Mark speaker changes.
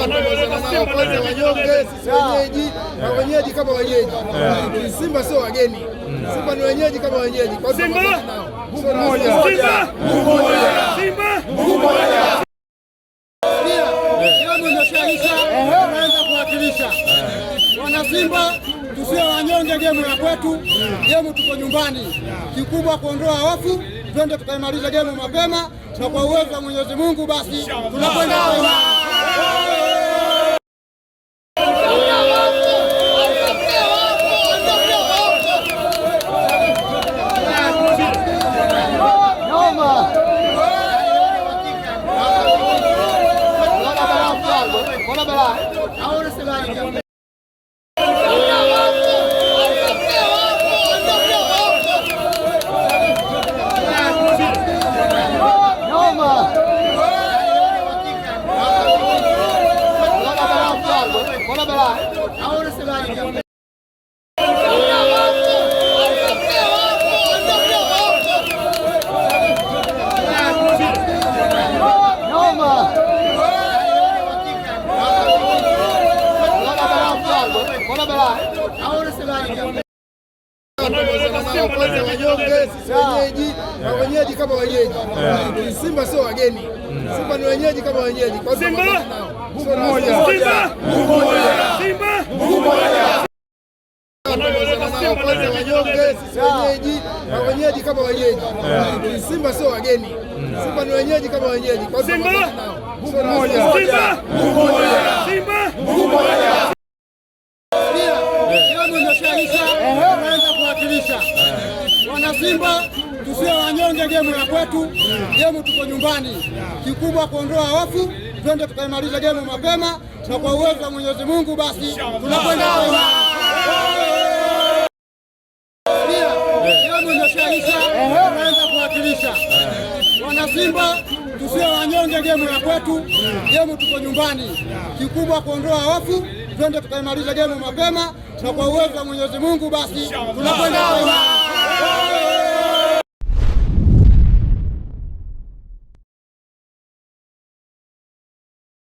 Speaker 1: wanyonge, sisi wenyeji na wenyeji kama wenyeji. Simba sio wageni, mm. Simba ni wenyeji kama wenyeji.
Speaker 2: Tunaweza kuwakilisha simba tusio wanyonge. Gemu ya kwetu, gemu tuko nyumbani, kikubwa kuondoa hofu, twende tukaimaliza gemu mapema na kwa uwezo wa Mwenyezi Mungu basi tunakwenda Ahora se va
Speaker 1: a wenyeji na wenyeji kama wenyeji. Simba sio wageni, Simba ni wenyeji kama wenyeji. wenyeji na wenyeji kama wenyeji. Simba sio wageni,
Speaker 2: Simba ni wenyeji kama wenyeji. kuwakilisha Simba, tusiwe wanyonge. Gemu ya kwetu, gemu tuko nyumbani, kikubwa kuondoa hofu, twende tukaimaliza gemu mapema, na kwa uwezo wa Mwenyezi Mungu basi tunakwenda gemu imeshaisha, tusiwe wanyonge. Gemu ya kwetu, gemu tuko nyumbani, kikubwa kuondoa hofu twende tukaimalize gemu mapema na kwa uwezo wa Mwenyezi Mungu basi tunakwenda